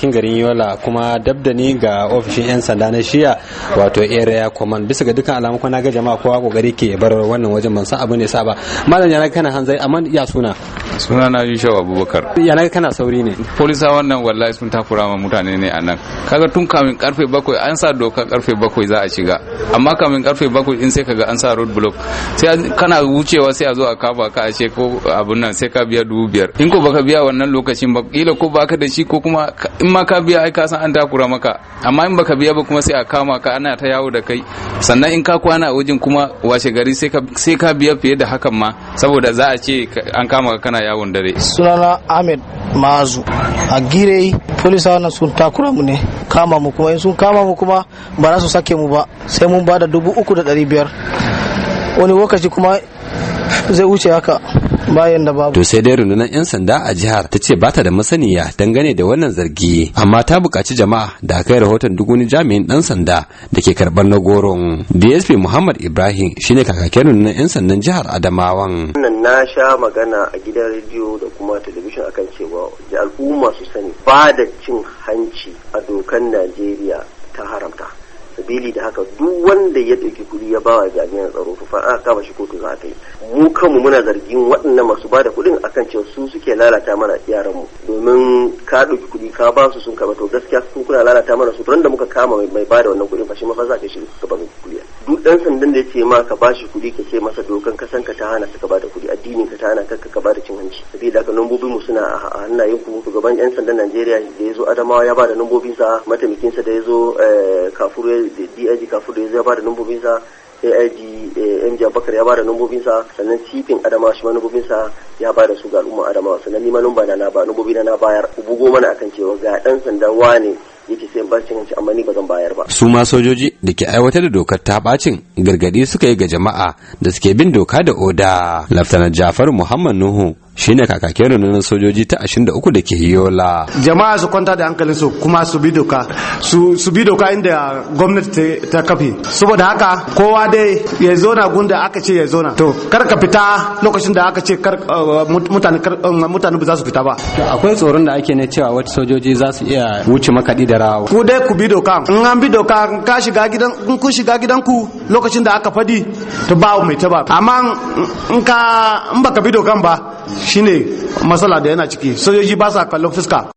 cikin garin yola kuma dabdani ga ofishin 'yan sanda na shiya wato area command bisa ga dukkan alamu na ga jama'a kowa kokari ke bar wannan wajen ban san abu ne sa ba malam yana kana hanzari amma ya suna suna na yusha abubakar yana kana sauri ne polisa wannan wallahi sun takura ma mutane ne anan kaga tun kamin karfe bakwai an sa doka karfe bakwai za a shiga amma kamin karfe bakwai in sai kaga an sa road block sai kana wucewa sai a zo a kaba ka a ce ko abun nan sai ka biya dubu biyar in ko baka biya wannan lokacin ba kila ko baka da shi ko kuma in ma ka biya ai ka san an takura maka amma in baka biya ba kuma sai a kama ka ana ta yawo da kai sannan in ka kwana a wajen kuma washe gari sai ka biya fiye da hakan ma saboda za a ce an kama ka kana yawon dare sunana ahmed mazu a girei polisa wannan sun takura mu ne kama mu kuma in sun kama mu kuma ba za su sake mu ba sai mun ba da dubu uku da ɗari biyar wani lokaci kuma zai wuce haka bayan da babu to sai dai rundunar yan sanda a jihar ta ce bata da masaniya dangane da wannan zargi amma ta buƙaci jama'a da kai rahoton duk wani jami'in dan sanda da ke karɓar na goron DSP Muhammad Ibrahim shine kakakin rundunar yan sandan jihar Adamawan wannan na sha magana a gidan rediyo da kuma talabijin akan cewa al'umma su sani ba da cin hanci a dokan Najeriya ta haramta sabili da haka duk wanda ya ɗauki kuɗi ya bawa jami'an tsaro to a kama shi kotu za ta yi mu kanmu muna zargin waɗannan masu ba da kuɗin akan cewa su suke lalata mana yaran mu domin ka ɗauki kuɗi ka ba su sun kama to gaskiya sun kuna lalata mana su ran da muka kama mai ba da wannan kuɗin fa shi ma fa za ka shi gaban kuliya duk ɗan sandan da ya ce ma ka ba shi kuɗi ka ce masa dokan kasan ka ta hana ka ba da kuɗi addinin ka ta hana ka ka ba da cin hanci sabida haka lambobin mu suna a hannayen ku gaban 'yan sandan Najeriya da ya zo Adamawa ya ba da lambobinsa mataimakinsa da ya zo eh, kafur ya dig kafur eh, ya bada da lambobinsa aig mj abakar ya ba da sannan cifin adama shi ma numbobinsa ya ba da su ga al'umma adama sannan nima numba na na ba numbobi na bayar bugo mana akan cewa ga dan sanda wane yake sai ba cin hanci amma ni ba zan bayar ba su ma sojoji da ke aiwatar da dokar ta bacin gargadi suka yi ga jama'a da suke bin doka da oda laftanar jafar muhammad nuhu shine kakakin rundunar sojoji ta 23 da ke yola jama'a su kwanta da hankalin su kuma su bi doka su bi doka inda gwamnati ta kafi. saboda haka kowa dai ya zona gunda aka ce ya zona to kar ka fita lokacin da aka ce uh, um, mutane ba za su fita ba akwai tsoron da ake ne cewa wata sojoji za su iya wuce makaɗi da rawa ku dai ku bi doka in an bi doka ka shiga gidan in kun shiga gidan ku lokacin da aka fadi to ba mai taba amma in ka in baka bi dokan ba shine matsala da yana ciki sojoji ba sa kallon fuska